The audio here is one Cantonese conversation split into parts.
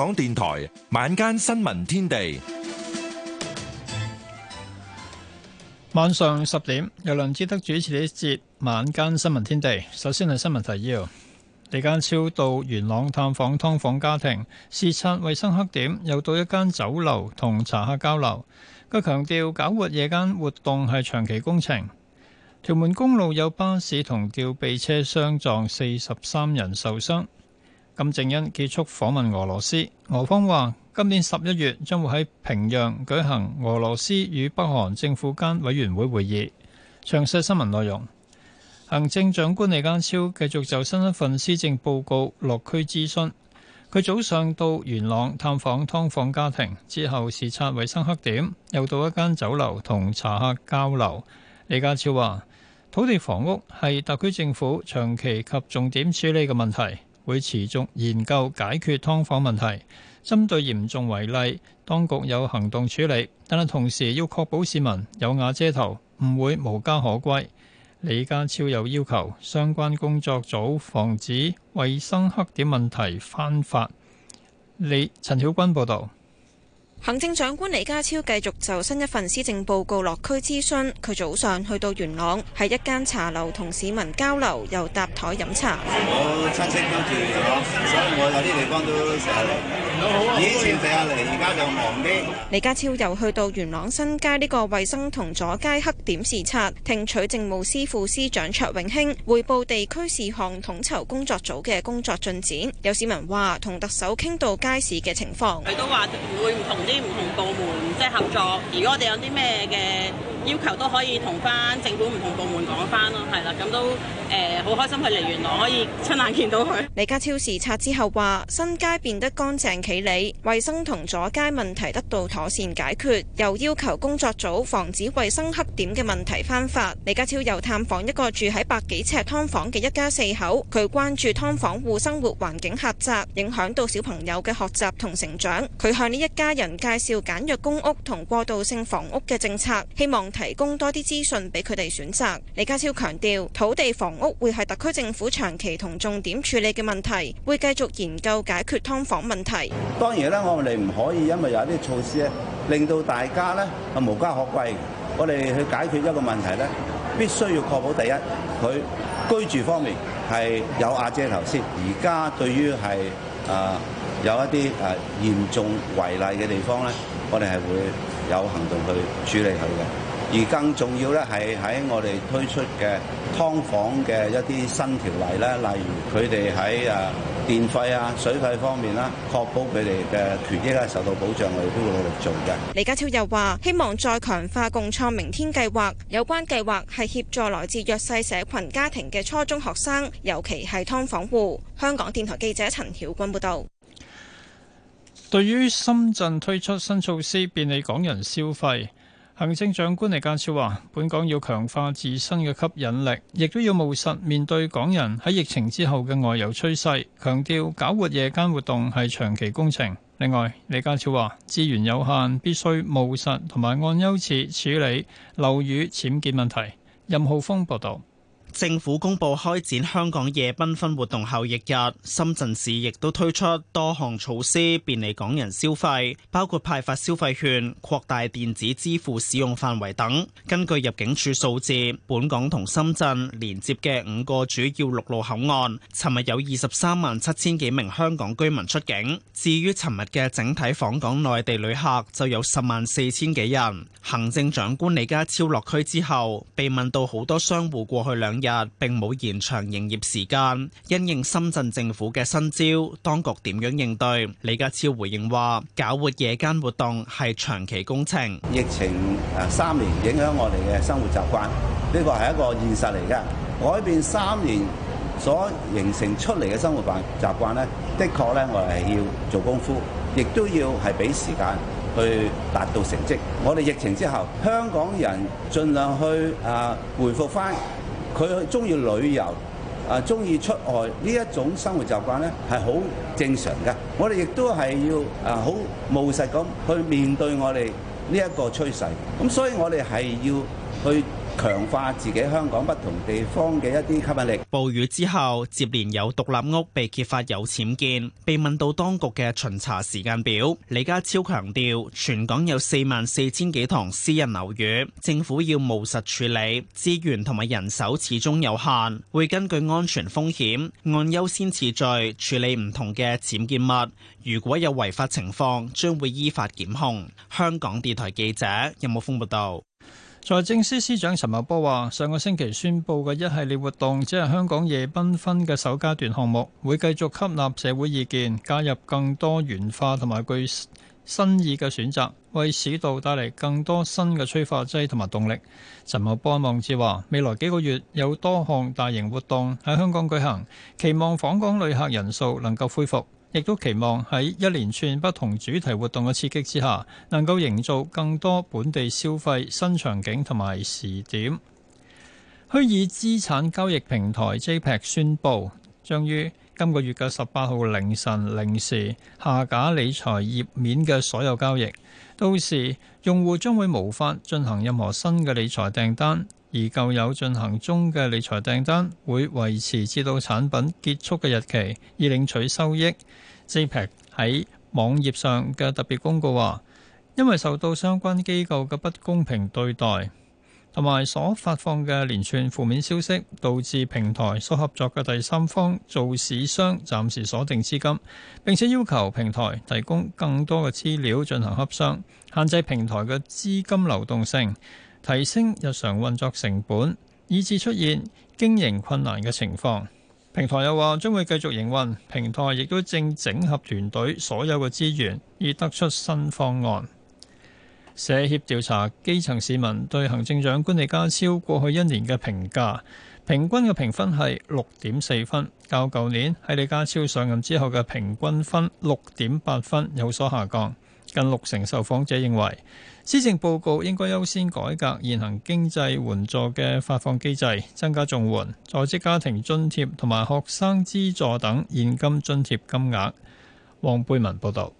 港電台晚間新聞天地，晚上十點由梁志德主持呢節晚間新聞天地。首先係新聞提要：李家超到元朗探訪劏房家庭，視察衛生黑點，又到一間酒樓同茶客交流。佢強調搞活夜間活動係長期工程。屯門公路有巴士同吊臂車相撞，四十三人受傷。金正恩結束訪問俄羅斯，俄方話今年十一月將會喺平壤舉行俄羅斯與北韓政府間委員會會議。詳細新聞內容，行政長官李家超繼續就新一份施政報告落區諮詢。佢早上到元朗探訪劏房家庭，之後視察衞生黑點，又到一間酒樓同茶客交流。李家超話：土地房屋係特區政府長期及重點處理嘅問題。會持續研究解決劏房問題，針對嚴重違例，當局有行動處理，但係同時要確保市民有瓦遮頭，唔會無家可歸。李家超有要求，相關工作組防止衛生黑點問題翻發。李陳曉君報道。行政長官李家超繼續就新一份施政報告落區諮詢，佢早上去到元朗，喺一間茶樓同市民交流，又搭枱飲茶。我親戚居住元朗，所以我有啲地方都都好以前食下嚟，而家就忙啲。李家超又去到元朗新街呢個衛生同阻街黑點視察，聽取政務司副司長卓永興匯報地區事項統籌工作組嘅工作進展。有市民話同特首傾到街市嘅情況，佢都話會唔同啲唔同部門即係合作。如果我哋有啲咩嘅要求，都可以同翻政府唔同部門講翻咯。係啦，咁都誒好、呃、開心佢嚟元朗，可以親眼見到佢。李家超視察之後話，新街變得乾淨。起理衛生同阻街問題得到妥善解決，又要求工作組防止衛生黑點嘅問題翻發。李家超又探訪一個住喺百幾尺劏房嘅一家四口，佢關注劏房戶生活環境狹窄，影響到小朋友嘅學習同成長。佢向呢一家人介紹簡約公屋同過渡性房屋嘅政策，希望提供多啲資訊俾佢哋選擇。李家超強調，土地房屋會係特區政府長期同重點處理嘅問題，會繼續研究解決劏房問題。當然咧，我哋唔可以因為有一啲措施咧，令到大家咧係無家可歸。我哋去解決一個問題咧，必須要確保第一，佢居住方面係有阿姐頭先。而家對於係啊有一啲啊嚴重違例嘅地方咧，我哋係會有行動去處理佢嘅。而更重要咧，係喺我哋推出嘅劏房嘅一啲新條例咧，例如佢哋喺誒電費啊、水費方面啦，確保佢哋嘅權益咧受到保障，我哋都會努力做嘅。李家超又話：希望再強化共創明天計劃，有關計劃係協助來自弱勢社群家庭嘅初中學生，尤其係劏房戶。香港電台記者陳曉君報道。對於深圳推出新措施，便利港人消費。行政長官李家超話：本港要強化自身嘅吸引力，亦都要務實面對港人喺疫情之後嘅外遊趨勢。強調搞活夜間活動係長期工程。另外，李家超話資源有限，必須務實同埋按優次處理樓宇僭建問題。任浩峰報道。政府公布開展香港夜繽紛活動後翌日，深圳市亦都推出多項措施便利港人消費，包括派發消費券、擴大電子支付使用範圍等。根據入境處數字，本港同深圳連接嘅五個主要陸路口岸，尋日有二十三萬七千幾名香港居民出境。至於尋日嘅整體訪港內地旅客，就有十萬四千幾人。行政長官李家超落區之後，被問到好多商戶過去兩日並冇延長營業時間，因應深圳政府嘅新招，當局點樣應對？李家超回應話：搞活夜間活動係長期工程。疫情誒三年影響我哋嘅生活習慣，呢個係一個現實嚟嘅改變。三年所形成出嚟嘅生活習慣咧，的確咧，我哋係要做功夫，亦都要係俾時間去達到成績。我哋疫情之後，香港人盡量去誒回復翻。佢中意旅遊，啊，中意出外呢一種生活習慣咧，係好正常嘅。我哋亦都係要啊，好務實咁去面對我哋呢一個趨勢。咁所以我哋係要去。強化自己香港不同地方嘅一啲吸引力。暴雨之後，接連有獨立屋被揭發有僭建。被問到當局嘅巡查時間表，李家超強調，全港有四萬四千幾幢私人樓宇，政府要務實處理資源同埋人手始終有限，會根據安全風險按優先次序處理唔同嘅僭建物。如果有違法情況，將會依法檢控。香港電台記者任武峯報道。財政司司長陳茂波話，上個星期宣布嘅一系列活動，只係香港夜繽紛嘅首階段項目，會繼續吸納社會意見，加入更多元化同埋具新意嘅選擇，為市道帶嚟更多新嘅催化劑同埋動力。陳茂波望至話，未來幾個月有多項大型活動喺香港舉行，期望訪港旅客人數能夠恢復。亦都期望喺一連串不同主題活動嘅刺激之下，能夠營造更多本地消費新場景同埋時點。虛擬資產交易平台 JPEX 宣布，將於今個月嘅十八號凌晨零時下架理財頁面嘅所有交易，到時用戶將會無法進行任何新嘅理財訂單。而舊有進行中嘅理財訂單會維持至到產品結束嘅日期，以領取收益。JPEX 喺網頁上嘅特別公告話，因為受到相關機構嘅不公平對待，同埋所發放嘅連串負面消息，導致平台所合作嘅第三方做市商暫時鎖定資金，並且要求平台提供更多嘅資料進行洽商，限制平台嘅資金流動性。提升日常運作成本，以致出現經營困難嘅情況。平台又話將會繼續營運，平台亦都正整合團隊所有嘅資源，以得出新方案。社協調查基層市民對行政長官李家超過去一年嘅評價，平均嘅評分係六點四分，較舊年喺李家超上任之後嘅平均分六點八分有所下降。近六成受訪者認為，施政報告應該優先改革現行經濟援助嘅發放機制，增加綜援、在職家庭津貼同埋學生資助等現金津貼金額。黃貝文報導，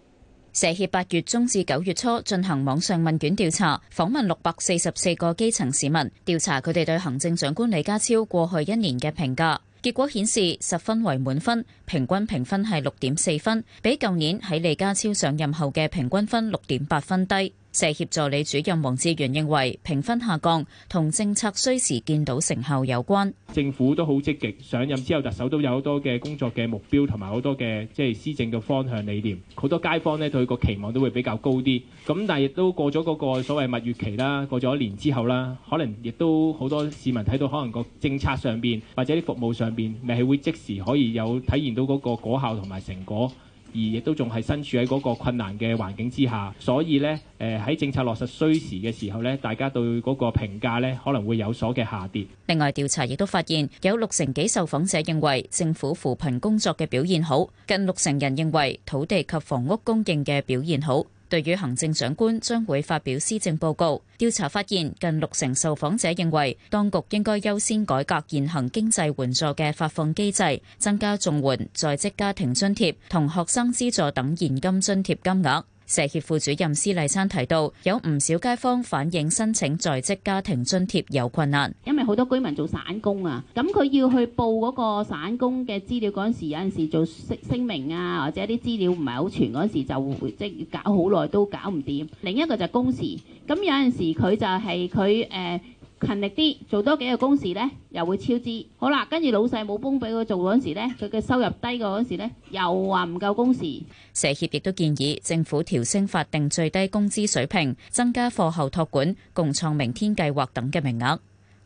社協八月中至九月初進行網上問卷調查，訪問六百四十四個基層市民，調查佢哋對行政長官李家超過去一年嘅評價。結果顯示十分為滿分，平均評分係六點四分，比舊年喺李家超上任後嘅平均分六點八分低。社協助理主任王志源認為評分下降同政策需時見到成效有關。政府都好積極上任之後，特首都有好多嘅工作嘅目標同埋好多嘅即係施政嘅方向理念。好多街坊咧，對個期望都會比較高啲。咁但係亦都過咗嗰個所謂蜜月期啦，過咗一年之後啦，可能亦都好多市民睇到可能個政策上邊或者啲服務上邊咪係會即時可以有體現到嗰個果效同埋成果。而亦都仲係身處喺嗰個困難嘅環境之下，所以呢，誒喺政策落實需時嘅時候呢，大家對嗰個評價呢可能會有所嘅下跌。另外調查亦都發現，有六成幾受訪者認為政府扶貧工作嘅表現好，近六成人認為土地及房屋供應嘅表現好。對於行政長官將會發表施政報告，調查發現近六成受訪者認為當局應該優先改革現行經濟援助嘅發放機制，增加綜援、在職家庭津貼同學生資助等現金津貼金額。社協副主任施麗珊提到，有唔少街坊反映申請在職家庭津貼有困難，因為好多居民做散工啊，咁佢要去報嗰個散工嘅資料嗰陣時，有陣時做聲明啊，或者啲資料唔係好全嗰時，就即係搞好耐都搞唔掂。另一個就係工時，咁有陣時佢就係佢誒。呃勤力啲做多幾個工時呢，又會超支。好啦，跟住老細冇工俾佢做嗰陣時咧，佢嘅收入低嘅嗰陣時咧，又話唔夠工時。社協亦都建議政府調升法定最低工資水平，增加課後托管、共創明天計劃等嘅名額。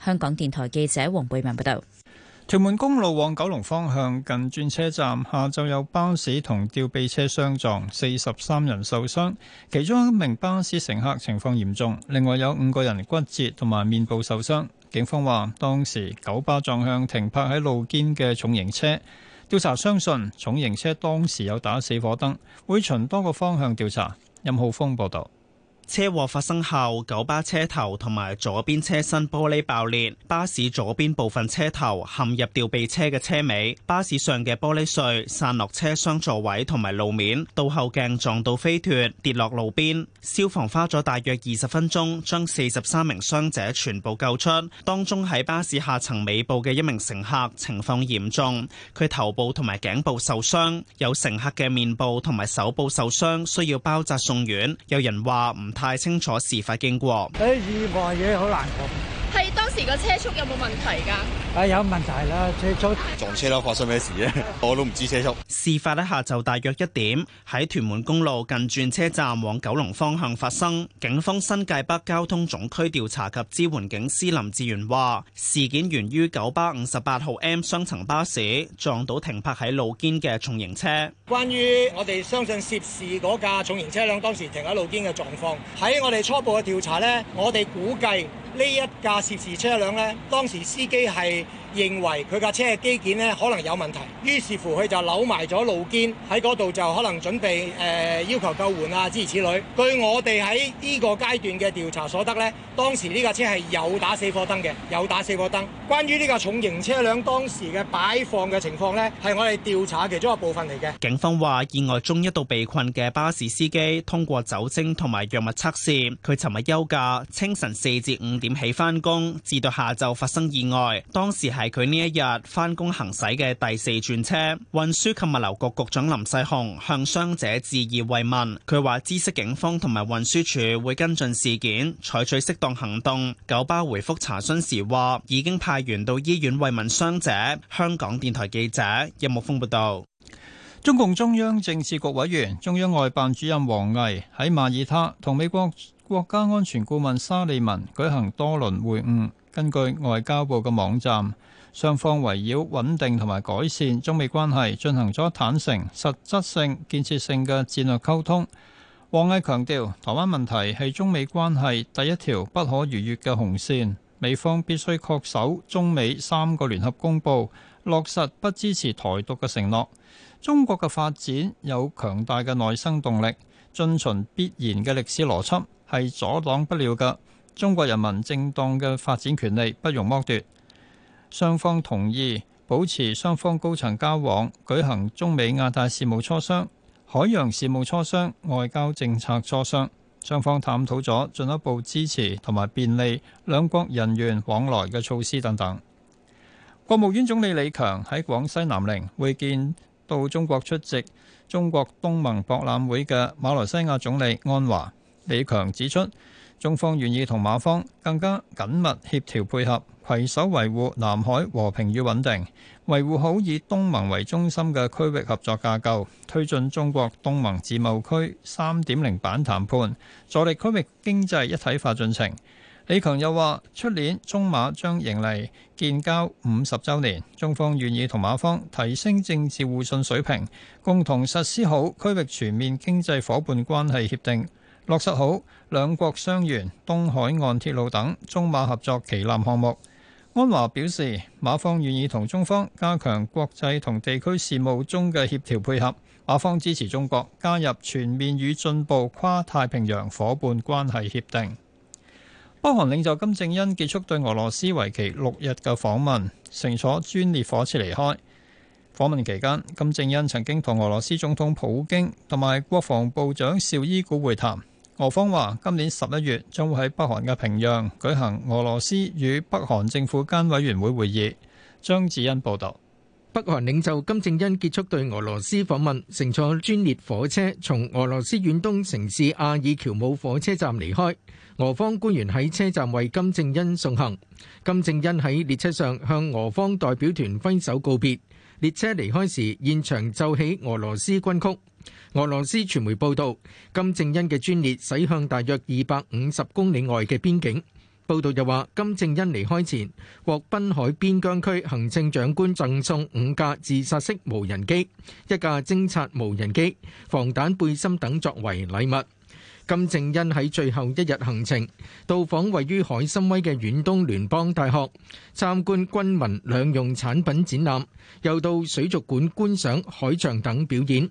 香港電台記者黃貝文報道。屯門公路往九龍方向近轉車站，下晝有巴士同吊臂車相撞，四十三人受傷，其中一名巴士乘客情況嚴重，另外有五個人骨折同埋面部受傷。警方話當時九巴撞向停泊喺路肩嘅重型車，調查相信重型車當時有打死火燈，會循多個方向調查。任浩峰報道。車禍發生後，九巴車頭同埋左邊車身玻璃爆裂，巴士左邊部分車頭陷入吊臂車嘅車尾，巴士上嘅玻璃碎散落車廂座位同埋路面，倒後鏡撞到飛脫，跌落路邊。消防花咗大約二十分鐘，將四十三名傷者全部救出，當中喺巴士下層尾部嘅一名乘客情況嚴重，佢頭部同埋頸部受傷，有乘客嘅面部同埋手部受傷，需要包紮送院。有人話唔太清楚事發經過，啲意外嘢好難講。時個車速有冇問題㗎？啊、哎，有問題啦，車撞車啦，發生咩事咧？我都唔知車速。事發呢下晝大約一點，喺屯門公路近轉車站往九龍方向發生。警方新界北交通總區調查及支援警司林志源話，事件源於九巴五十八號 M 雙層巴士撞到停泊喺路肩嘅重型車。關於我哋相信涉事嗰架重型車輛當時停喺路肩嘅狀況，喺我哋初步嘅調查呢，我哋估計。呢一架涉事車輛咧，當時司機係。認為佢架車嘅機件咧，可能有問題，於是乎佢就扭埋咗路肩喺嗰度，就可能準備誒、呃、要求救援啊，諸如此類。據我哋喺呢個階段嘅調查所得呢，當時呢架車係有打四個燈嘅，有打四個燈。關於呢架重型車輛當時嘅擺放嘅情況呢，係我哋調查其中一部分嚟嘅。警方話意外中一度被困嘅巴士司機，通過酒精同埋藥物測試，佢尋日休假，清晨四至五點起返工，至到下晝發生意外，當時係。係佢呢一日翻工，行駛嘅第四轉車。運輸及物流局局長林世雄向傷者致意慰問。佢話：知悉警方同埋運輸處會跟進事件，採取適當行動。九巴回覆查詢時話：已經派員到醫院慰問傷者。香港電台記者任木峰報道。中共中央政治局委員、中央外辦主任王毅喺馬爾他同美國國家安全顧問沙利文舉行多輪會晤。根據外交部嘅網站，雙方圍繞穩定同埋改善中美關係進行咗坦誠、實質性、建設性嘅戰略溝通。王毅強調，台灣問題係中美關係第一條不可逾越嘅紅線，美方必須確守中美三個聯合公報，落實不支持台獨嘅承諾。中國嘅發展有強大嘅內生動力，遵循必然嘅歷史邏輯，係阻擋不了嘅。中國人民正當嘅發展權利不容剝奪，雙方同意保持雙方高層交往，舉行中美亞太事務磋商、海洋事務磋商、外交政策磋商。雙方探討咗進一步支持同埋便利兩國人員往來嘅措施等等。國務院總理李強喺廣西南寧會見到中國出席中國東盟博覽會嘅馬來西亞總理安華。李強指出。中方願意同馬方更加緊密協調配合，攜手維護南海和平與穩定，維護好以東盟為中心嘅區域合作架構，推進中國東盟自貿區三點零版談判，助力區域經濟一體化進程。李強又話：出年中馬將迎嚟建交五十週年，中方願意同馬方提升政治互信水平，共同實施好區域全面經濟夥伴關係協定，落實好。兩國雙園、東海岸鐵路等中馬合作旗艦項目。安華表示，馬方願意同中方加強國際同地區事務中嘅協調配合。馬方支持中國加入全面與進步跨太平洋伙伴關係協定。北韓領袖金正恩結束對俄羅斯為期六日嘅訪問，乘坐專列火車離開。訪問期間，金正恩曾經同俄羅斯總統普京同埋國防部長邵伊古會談。俄方話，今年十一月將會喺北韓嘅平壤舉行俄羅斯與北韓政府間委員會會議。張智欣報道，北韓領袖金正恩結束對俄羅斯訪問，乘坐專列火車從俄羅斯遠東城市阿爾喬姆火車站離開。俄方官員喺車站為金正恩送行。金正恩喺列車上向俄方代表團揮手告別。列車離開時，現場奏起俄羅斯軍曲。俄羅斯傳媒報道，金正恩嘅專列駛向大約二百五十公里外嘅邊境。報道又話，金正恩離開前，獲濱海邊疆區行政長官贈送五架自殺式無人機、一架偵察無人機、防彈背心等作為禮物。金正恩喺最後一日行程，到訪位於海參崴嘅遠東聯邦大學，參觀軍民兩用產品展覽，又到水族館觀賞海象等表演。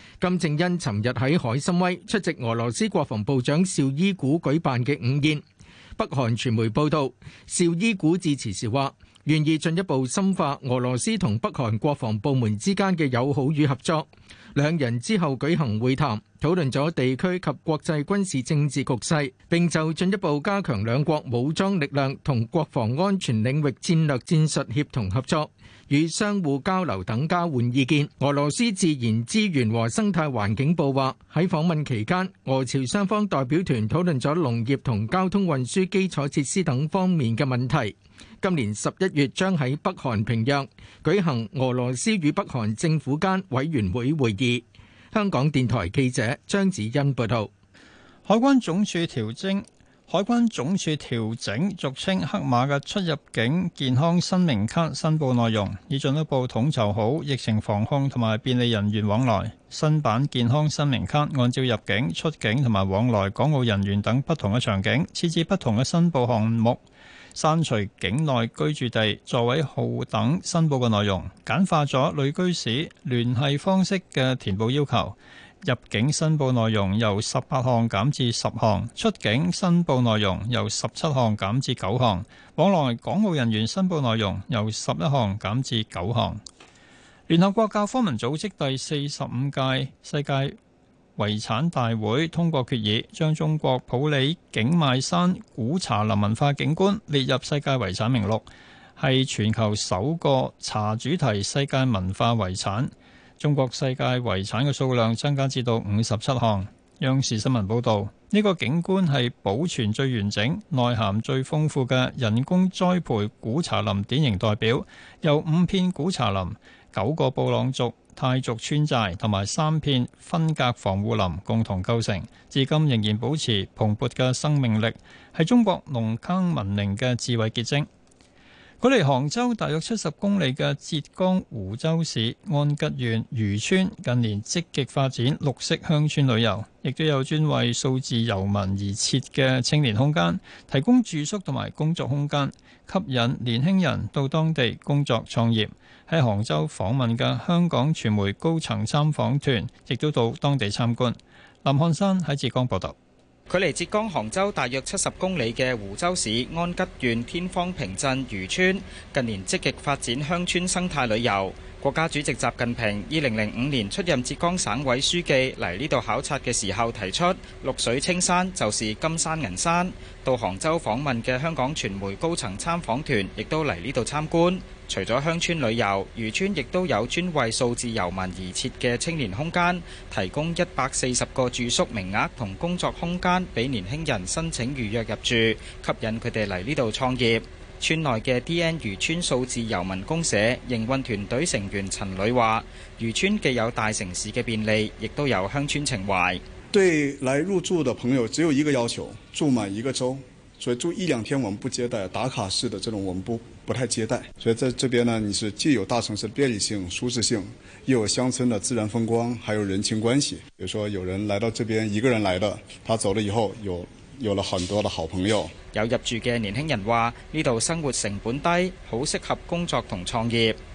金正恩尋日喺海參崴出席俄羅斯國防部長邵伊古舉辦嘅午宴。北韓傳媒報道，邵伊古致辭時話願意進一步深化俄羅斯同北韓國防部門之間嘅友好與合作。兩人之後舉行會談，討論咗地區及國際軍事政治局勢，並就進一步加強兩國武裝力量同國防安全領域戰略戰術協同合作，與相互交流等交換意見。俄羅斯自然資源和生態環境部話喺訪問期間，俄朝雙方代表團討論咗農業同交通運輸基礎設施等方面嘅問題。今年十一月將喺北韓平壤舉行俄羅斯與北韓政府間委員會會議。香港電台記者張子欣報道。海關總署調整。海關總署調整俗稱黑馬嘅出入境健康申明卡申報內容，以進一步統籌好疫情防控同埋便利人員往來。新版健康申明卡按照入境、出境同埋往來港澳人員等不同嘅場景，設置不同嘅申報項目，刪除境內居住地、座位號等申報嘅內容，簡化咗旅居史、聯繫方式嘅填報要求。入境申報內容由十八項減至十項，出境申報內容由十七項減至九項，往來港澳人員申報內容由十一項減至九項。聯合國教科文組織第四十五屆世界遺產大會通過決議，將中國普洱景邁山古茶林文化景觀列入世界遺產名錄，係全球首個茶主題世界文化遺產。中國世界遺產嘅數量增加至到五十七項。央視新聞報道，呢個景觀係保存最完整、內涵最豐富嘅人工栽培古茶林典型代表，由五片古茶林、九個布朗族傣族村寨同埋三片分隔防護林共同構成，至今仍然保持蓬勃嘅生命力，係中國農耕文明嘅智慧結晶。距離杭州大約七十公里嘅浙江湖州市安吉縣漁村近年積極發展綠色鄉村旅遊，亦都有專為數字遊民而設嘅青年空間提供住宿同埋工作空間，吸引年輕人到當地工作創業。喺杭州訪問嘅香港傳媒高層參訪團亦都到當地參觀，林漢山喺浙江報道。距離浙江杭州大約七十公里嘅湖州市安吉縣天荒坪鎮漁村，近年積極發展鄉村生態旅遊。國家主席習近平二零零五年出任浙江省委書記，嚟呢度考察嘅時候提出，綠水青山就是金山銀山。到杭州訪問嘅香港傳媒高層參訪團亦都嚟呢度參觀。除咗鄉村旅遊，漁村亦都有專為數字遊民而設嘅青年空間，提供一百四十個住宿名額同工作空間俾年輕人申請預約入住，吸引佢哋嚟呢度創業。村內嘅 DN 漁村數字遊民公社營運團隊成員陳磊話：漁村既有大城市嘅便利，亦都有鄉村情懷。對來入住嘅朋友，只有一個要求，住滿一個週。所以住一兩天，我們不接待，打卡式的這種，我們不不太接待。所以在這邊呢，你是既有大城市便利性、舒適性，又有鄉村的自然風光，還有人情關係。比如說有人來到這邊一個人來的，他走了以後有有了很多的好朋友。有入住嘅年輕人話：呢度生活成本低，好適合工作同創業。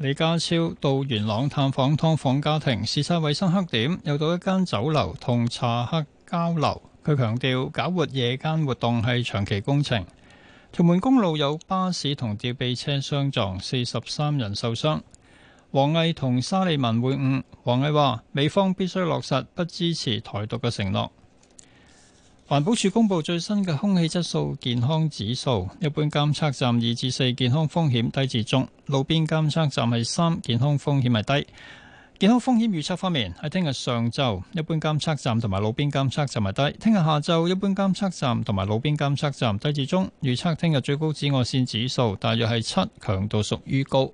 李家超到元朗探訪劏房家庭，視察衛生黑點，又到一間酒樓同茶客交流。佢強調，搞活夜間活動係長期工程。屯門公路有巴士同吊臂車相撞，四十三人受傷。王毅同沙利文會晤，王毅話美方必須落實不支持台獨嘅承諾。環保署公布最新嘅空氣質素健康指數，一般監測站二至四，健康風險低至中；路邊監測站係三，健康風險係低。健康風險預測方面，喺聽日上晝，一般監測站同埋路邊監測站係低；聽日下晝，一般監測站同埋路邊監測站低至中。預測聽日最高紫外線指數大約係七，強度屬於高。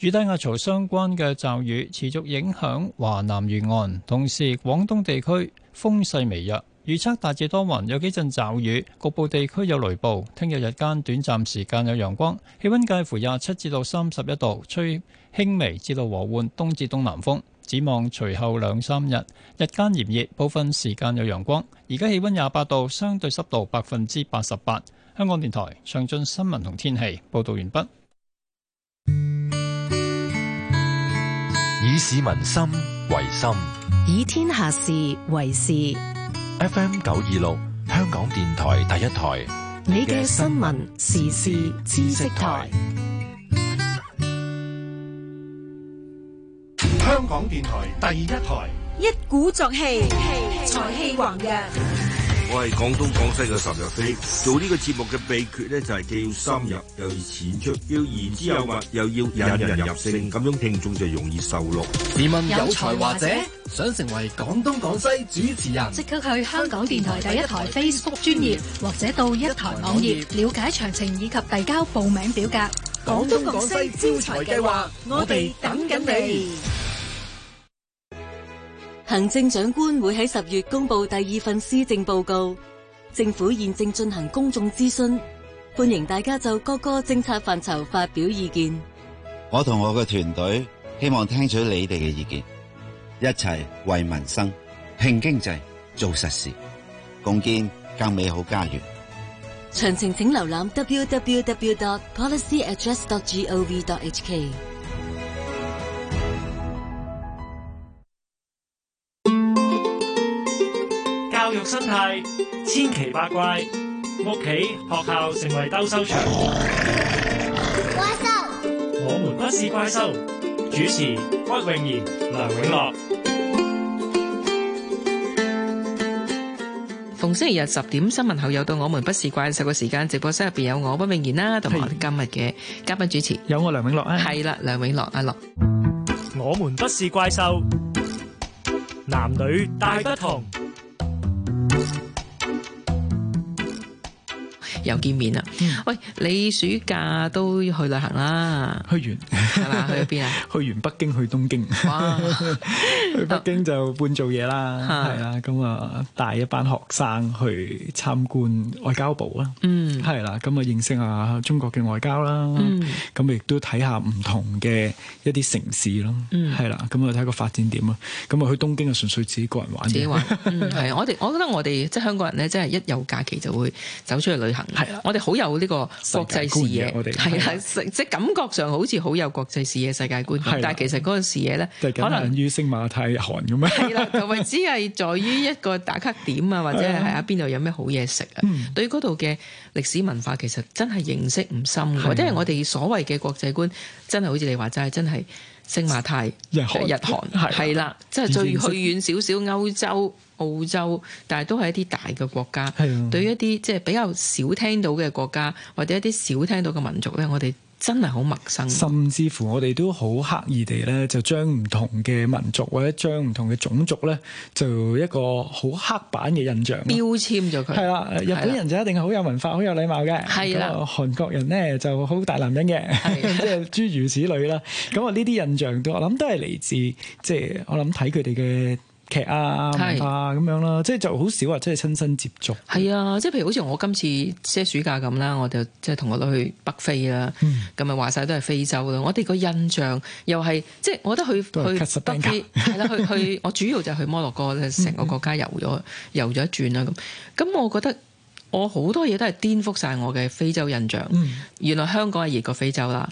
與低壓槽相關嘅驟雨持續影響華南沿岸，同時廣東地區風勢微弱。預測大致多雲，有幾陣驟雨，局部地區有雷暴。聽日日間短暫時間有陽光，氣溫介乎廿七至到三十一度，吹輕微至到和緩東至東南風。展望隨後兩三日，日間炎熱，部分時間有陽光。而家氣溫廿八度，相對濕度百分之八十八。香港電台詳盡新聞同天氣報道完畢。以市民心為心，以天下事為事。FM 九二六，香港電台第一台，你嘅新聞時事知識台，香港電台第一台，一鼓作氣，財氣旺嘅。我係廣東廣西嘅十日飛，做呢個節目嘅秘訣咧就係既要深入，又要淺出，要言之有物，又要引人入勝，咁樣聽眾就容易受落。試問有才華者，想成為廣東廣西主持人，即刻去香港電台第一台 Facebook 專頁，或者到一台網頁了解詳情以及遞交報名表格。廣東廣西招才計劃，我哋等緊你。行政長官會喺十月公布第二份施政報告，政府現正進行公眾諮詢，歡迎大家就各個政策範疇發表意見。我同我嘅團隊希望聽取你哋嘅意見，一齊為民生、興經濟、做實事，共建更美好家園。詳情請瀏覽 www.policyaddress.gov.hk。教育生態千奇百怪，屋企、學校成為兜收場。怪獸，我們不是怪獸。主持：屈穎妍、梁永樂。逢星期日十點新聞後，又到我們不是怪獸嘅時間。直播室入邊有我屈穎妍啦，同埋我哋今日嘅嘉賓主持有我梁永樂啦。係啦，梁永樂阿樂，我們不是怪獸，男女大不同。又見面啦！嗯、喂，你暑假都去旅行啦？去完係啦， 去咗邊啊？去完北京，去東京。 哇 去北京就半做嘢啦，係啦的，咁啊帶一班學生去參觀外交部啦，嗯，係啦，咁啊認識下中國嘅外交啦，咁亦都睇下唔同嘅一啲城市咯，嗯，係啦，咁啊睇個發展點，啊，咁啊去東京啊純粹自己個人玩，自己玩，係、嗯、啊，我哋我覺得我哋即係香港人咧，真係一有假期就會走出去旅行，係啊的，我哋好有呢個國際視野，我哋係啊，即係、就是、感覺上好似好有國際視野、世界觀，的但係其實嗰個視野咧，的可能於星馬係日韓咁啊，係啦，同埋只係在於一個打卡點啊， 或者係啊邊度有咩好嘢食啊？嗯、對嗰度嘅歷史文化其實真係認識唔深嘅，因為、啊、我哋所謂嘅國際觀真係好似你話齋，真係星馬泰日韓，係啦、啊，即係、啊、最去遠少少歐洲、澳洲，但係都係一啲大嘅國家。啊、對於一啲即係比較少聽到嘅國家或者一啲少聽到嘅民族咧，我哋。真係好陌生，甚至乎我哋都好刻意地咧，就將唔同嘅民族或者將唔同嘅種族咧，就一個好刻板嘅印象，標籤咗佢。係啦，日本人就一定係好有文化、好有禮貌嘅，的韓國人咧就好大男人嘅，即係的 諸如此類啦。咁啊，呢啲印象我都我諗都係嚟自，即、就、係、是、我諗睇佢哋嘅劇啊，文化咁、啊、樣啦，即係就好少親身接觸啊，即係親身接觸。係啊，即係譬如好似我今次些暑假咁啦，我就即係同我都去北非啦，咁咪話晒都係非洲咯。我哋個印象又係，即係我覺得去去、er、北非係 啦，去去我主要就係去摩洛哥，成 個國家遊咗遊咗一轉啦。咁咁，我覺得。我好多嘢都係顛覆晒我嘅非洲印象。嗯、原來香港係熱過非洲啦！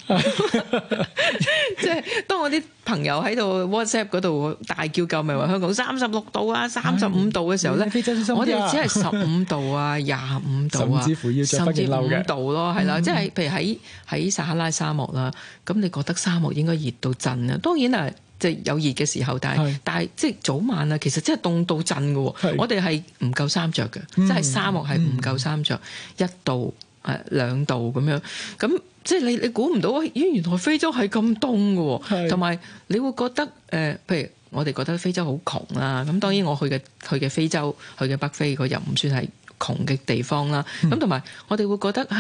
即係、 就是、當我啲朋友喺度 WhatsApp 嗰度大叫救命，話、嗯、香港三十六度啊，三十五度嘅時候咧，哎、我哋只係十五度啊，廿五度啊， 甚至乎要著褸嘅，甚至五度咯，係啦。嗯、即係譬如喺喺撒哈拉沙漠啦、啊，咁你覺得沙漠應該熱到震啊？當然啊！即係有熱嘅時候，但係是但係即係早晚啊，其實真係凍到震㗎、哦。是我哋係唔夠衫着嘅，即係沙漠係唔夠衫着，一度誒兩度咁樣。咁即係你你估唔到，咦、哎？原來非洲係咁凍㗎，同埋是你會覺得誒、呃，譬如我哋覺得非洲好窮啦。咁當然我去嘅去嘅非洲，去嘅北非，佢又唔算係窮嘅地方啦。咁同埋我哋會覺得。